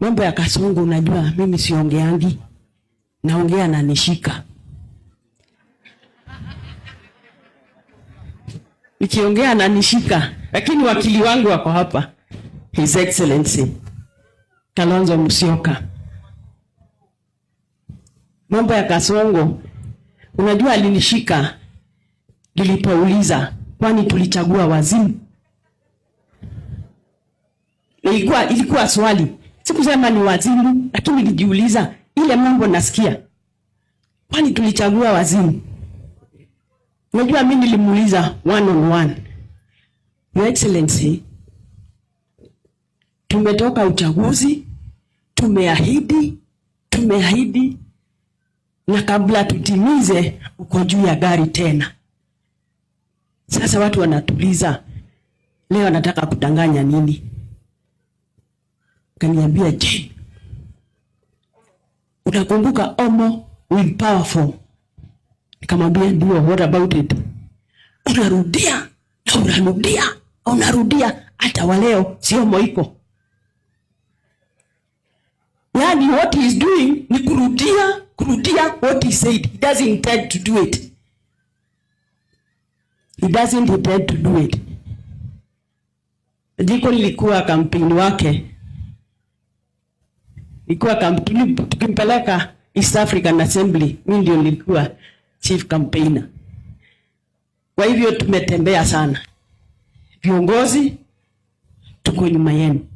Mambo ya Kasongo, unajua mimi siongeangi, naongea na nishika. Nikiongea na nishika, lakini wakili wangu wako hapa, His Excellency Kalonzo Musyoka. Mambo ya Kasongo, unajua alinishika nilipouliza kwani tulichagua wazimu, ilikuwa ilikuwa swali Sikusema ni wazimu, lakini nilijiuliza ile mambo nasikia, kwani tulichagua wazimu? Unajua, mimi nilimuuliza one on one, Your Excellency, tumetoka uchaguzi, tumeahidi, tumeahidi na kabla tutimize, uko juu ya gari tena. Sasa watu wanatuliza leo, anataka kudanganya nini? Kaniambia, je, unakumbuka Omo will Powerful? Nikamwambia ndio. What about it? Unarudia na unarudia unarudia, hata waleo sio Omo iko Yani, what he is doing ni kurudia kurudia what he said. He doesn't intend to do it. He doesn't intend to do it. Ndiko nilikuwa kampeni wake Nilikuwa kampeni tukimpeleka East African Assembly, mimi ndio nilikuwa chief campaigner. Kwa hivyo tumetembea sana. Viongozi tuko nyuma yenu.